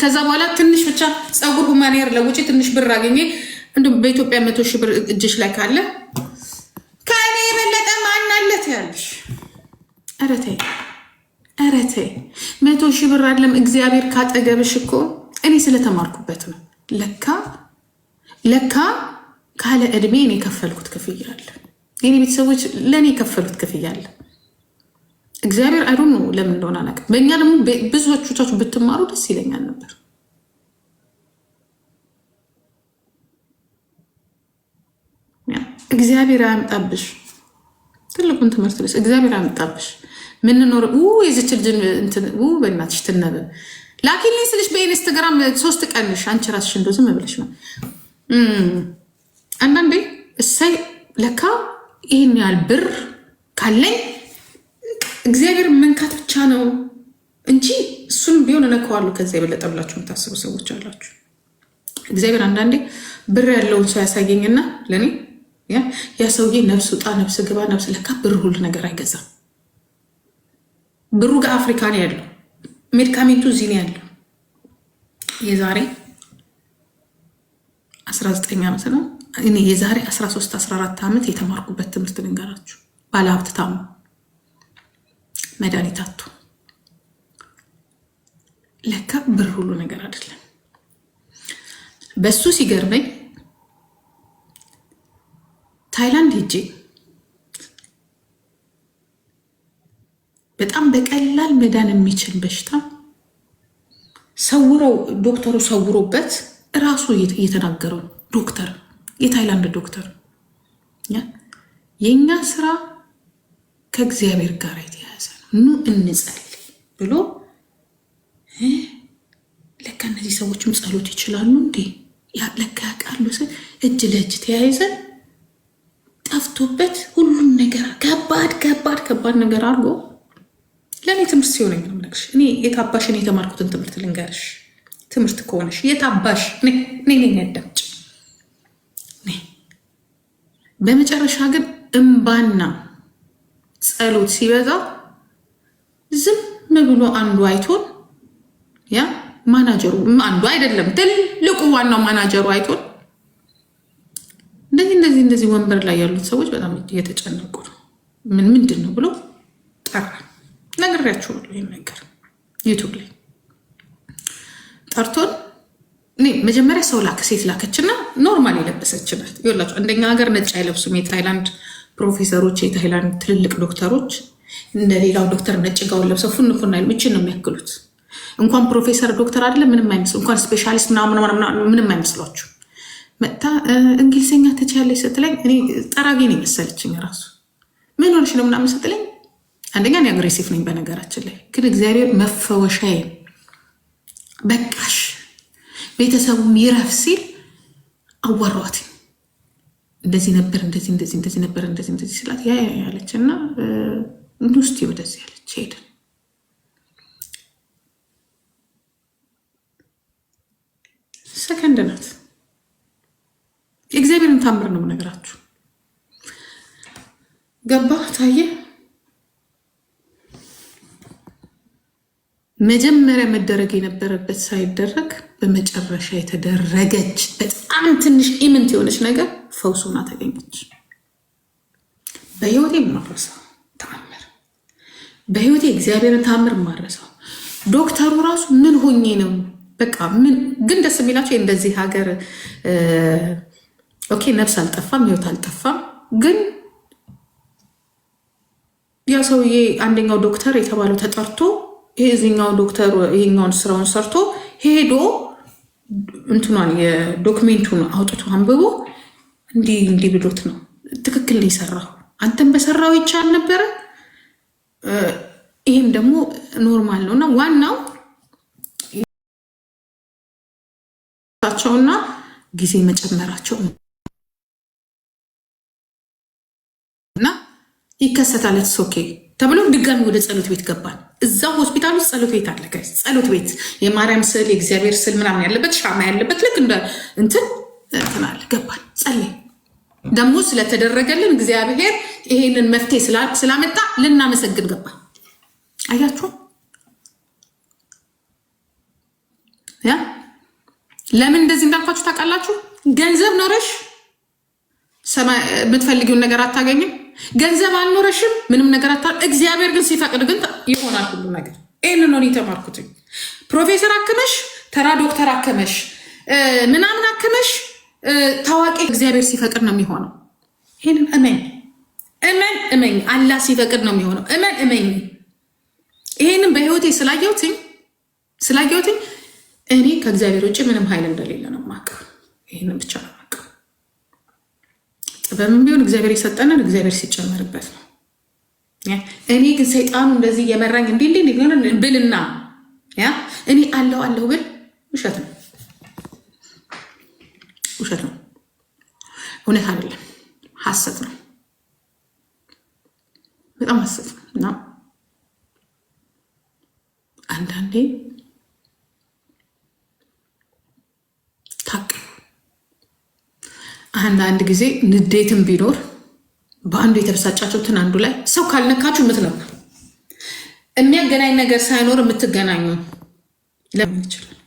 ከዛ በኋላ ትንሽ ብቻ ፀጉር ሁማኔር ለውጭ ትንሽ ብር አገኘ። እንዲሁም በኢትዮጵያ መቶ ሺህ ብር እጅሽ ላይ ካለ ከእኔ የበለጠ ማናለት ያለሽ? ኧረ ተይ፣ መቶ ሺህ ብር አለም እግዚአብሔር ካጠገብሽ እኮ እኔ ስለተማርኩበት ነው። ለካ ለካ ካለ እድሜ እኔ የከፈልኩት ክፍያ አለ። የኔ ቤተሰቦች ለእኔ የከፈሉት ክፍያ አለ። እግዚአብሔር አይዶ ለምን እንደሆነ አናውቅም። በእኛ ደግሞ ብዙዎቹ ብትማሩ ደስ ይለኛል ነበር። እግዚአብሔር አያምጣብሽ። ትልቁን ትምህርት ልስ እግዚአብሔር አያምጣብሽ። ምንኖር የዚች ልጅን በእናትሽ ትነበብ ላኪልኝ ስልሽ በኢንስትግራም ሶስት ቀንሽ አንቺ ራስሽ እንደው ዝም ብለሽ ነው። አንዳንዴ እሰይ ለካ ይህን ያህል ብር ካለኝ እግዚአብሔር መንካት ብቻ ነው እንጂ እሱን ቢሆን እነካዋለሁ ከዚ የበለጠ ብላችሁ የምታስቡ ሰዎች አላችሁ። እግዚአብሔር አንዳንዴ ብር ያለውን ሰው ያሳየኝና ለእኔ ያ ሰውዬ ነፍስ ውጣ፣ ነፍስ ግባ፣ ነፍስ ለካ ብር ሁሉ ነገር አይገዛም። ብሩ ጋር አፍሪካ ነው ያለው፣ ሜድካሜንቱ እዚህ ነው ያለው። የዛሬ 19 ዓመት ነው እኔ የዛሬ 13 14 ዓመት የተማርኩበት ትምህርት ልንገራችሁ። ባለሀብት ታሙ፣ መድኃኒት ለካ ብር ሁሉ ነገር አይደለም። በሱ ሲገርመኝ ታይላንድ ሄጄ በጣም በቀላል መዳን የሚችል በሽታ ሰውረው ዶክተሩ ሰውሮበት እራሱ እየተናገረው ዶክተር የታይላንድ ዶክተር የእኛ ስራ ከእግዚአብሔር ጋር የተያያዘ ነው፣ ኑ እንጸልይ ብሎ ለካ እነዚህ ሰዎችም ጸሎት ይችላሉ እንዴ ለካ ያውቃሉ። እጅ ለእጅ ተያይዘን በዝቶበት ሁሉም ነገር ከባድ ከባድ ከባድ ነገር አድርጎ ለእኔ ትምህርት ሲሆነኝ ነው የምነግርሽ። እኔ የታባሽን የተማርኩትን ትምህርት ልንገርሽ። ትምህርት ከሆነሽ የታባሽ እኔ ነኝ ያዳምጭ። በመጨረሻ ግን እምባና ጸሎት ሲበዛ ዝም ብሎ አንዱ አይቶን ያ ማናጀሩ አንዱ አይደለም ትልቁ ዋናው ማናጀሩ አይቶን እነዚህ እንደዚህ ወንበር ላይ ያሉት ሰዎች በጣም እየተጨነቁ ነው። ምን ምንድን ነው ብሎ ጠራ። ነግሬያችኋለሁ ይህን ነገር ዩቱብ ላይ ጠርቶን መጀመሪያ ሰው ላክ ሴት ላከችና ኖርማል የለበሰች ናት። ይኸውላችሁ እንደኛ ሀገር ነጭ አይለብሱም። የታይላንድ ፕሮፌሰሮች፣ የታይላንድ ትልልቅ ዶክተሮች እንደ ሌላው ዶክተር ነጭ ጋውን ለብሰው ፉን ፉን አይሉም። ይችን ነው የሚያክሉት። እንኳን ፕሮፌሰር ዶክተር አይደለም ምንም አይመስሉ እንኳን ስፔሻሊስት ምናምን ምንም አይመስሏቸው መጥታ እንግሊዝኛ ተቻለች ስትለኝ እኔ ጠራጊ ነው የመሰለችኝ። ራሱ ምን ነው ምናምን ስትለኝ አንደኛ እኔ አግሬሲቭ ነኝ በነገራችን ላይ ግን እግዚአብሔር መፈወሻዬ በቃሽ ቤተሰቡም ይረፍ ሲል አዋሯት። እንደዚህ ነበር እንደዚህ እንደዚህ እንደዚህ ነበር እንደዚህ እንደዚህ ስላት ያ ያለች እና ንስቲ ወደዚህ ያለች ሄድን። ሰከንድ ናት ታምር ነው ነገራችሁ። ገባ ታየ። መጀመሪያ መደረግ የነበረበት ሳይደረግ በመጨረሻ የተደረገች በጣም ትንሽ ኢምንት የሆነች ነገር ፈውሶና ተገኘች። በህይወቴ የማረሳው ተአምር፣ በህይወቴ እግዚአብሔርን ተአምር የማረሳው ዶክተሩ ራሱ ምን ሆኜ ነው በቃ ምን ግን ደስ የሚላቸው እንደዚህ ሀገር ኦኬ ነፍስ አልጠፋም፣ ህይወት አልጠፋም። ግን ያ ሰውዬ አንደኛው ዶክተር የተባለው ተጠርቶ ይህኛው ዶክተር ይህኛውን ስራውን ሰርቶ ሄዶ እንትኗን የዶክሜንቱን አውጥቶ አንብቦ እንዲህ እንዲህ ብሎት ነው ትክክል ነው አንተን አንተም በሰራው ይቻል ነበረ። ይህም ደግሞ ኖርማል ነው እና ዋናው ቸውና ጊዜ መጨመራቸው ይከሰታል። ኦኬ ተብሎ ድጋሚ ወደ ጸሎት ቤት ገባል። እዛ ሆስፒታል ውስጥ ጸሎት ቤት አለ። ጸሎት ቤት የማርያም ስዕል፣ የእግዚአብሔር ስዕል ምናምን ያለበት ሻማ ያለበት ልክ እንደ እንትን ትናለ ገባል። ጸለይ ደግሞ ስለተደረገልን እግዚአብሔር ይሄንን መፍትሄ ስላመጣ ልናመሰግን ገባል። አያችሁ ያ ለምን እንደዚህ እንዳልኳችሁ ታውቃላችሁ? ገንዘብ ኖረሽ የምትፈልጊውን ነገር አታገኝም። ገንዘብ አልኖረሽም፣ ምንም ነገር አታ እግዚአብሔር ግን ሲፈቅድ ግን ይሆናል ሁሉ ነገር። ይህን ነው የተማርኩትኝ ፕሮፌሰር አክመሽ ተራ ዶክተር አክመሽ ምናምን አክመሽ ታዋቂ እግዚአብሔር ሲፈቅድ ነው የሚሆነው። ይህን እመኝ እመን እመኝ፣ አላህ ሲፈቅድ ነው የሚሆነው። እመን እመኝ። ይህንም በህይወቴ ስላየሁትኝ ስላየሁትኝ እኔ ከእግዚአብሔር ውጭ ምንም ኃይል እንደሌለ ነው ማቀ ይህንም ብቻ ነው በምን ቢሆን እግዚአብሔር የሰጠንን እግዚአብሔር ሲጨመርበት ነው። እኔ ግን ሰይጣኑ እንደዚህ እየመራኝ እንዲ ብልና እኔ አለው አለው ብል ውሸት ነው፣ ውሸት ነው፣ እውነት አይደለም፣ ሀሰት ነው፣ በጣም ሀሰት ነው እና አንዳንዴ አንዳንድ ጊዜ ንዴትም ቢኖር በአንዱ የተበሳጫችሁትን አንዱ ላይ ሰው ካልነካችሁ የምትለው የሚያገናኝ ነገር ሳይኖር የምትገናኙ ለምን